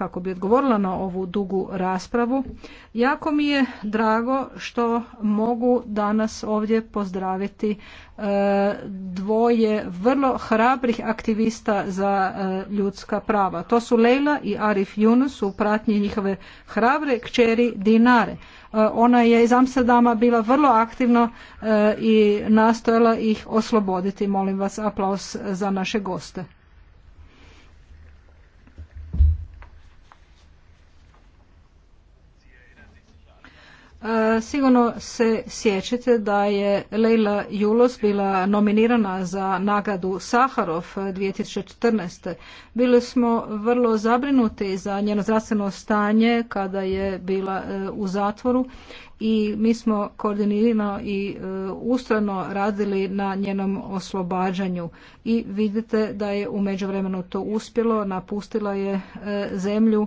kako bi odgovorila na ovu dugu raspravu. Jako mi je drago što mogu danas ovdje pozdraviti e, dvoje vrlo hrabrih aktivista za e, ljudska prava. To su Leila i Arif Yunus u pratnji njihove hrabre kćeri Dinare. E, ona je iz Amsterdama bila vrlo aktivna i nastojala ih osloboditi. Molim vas aplaus za naše goste. E, sigurno se sjećate da je Leila Julos bila nominirana za nagradu Saharov 2014. Bili smo vrlo zabrinuti za njeno zdravstveno stanje kada je bila e, u zatvoru i mi smo koordinirano i e, ustrano radili na njenom oslobađanju i vidite da je u međuvremenu to uspjelo, napustila je zemlju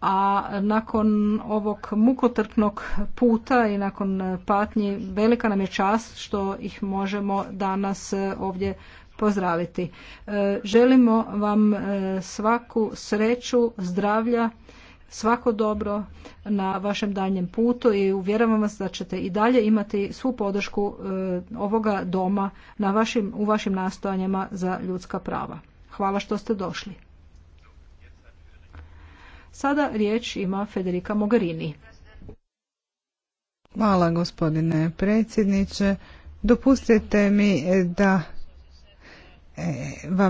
a nakon ovog mukotrpnog puta i nakon patnji velika nam je čast što ih možemo danas e, ovdje pozdraviti. E, želimo vam e, svaku sreću, zdravlja, svako dobro na vašem daljem putu i uvjeravam vas da ćete i dalje imati svu podršku ovoga doma na vašim, u vašim nastojanjima za ljudska prava. Hvala što ste došli. Sada riječ ima Federica Mogherini. Hvala gospodine predsjedniče. Dopustite mi da e,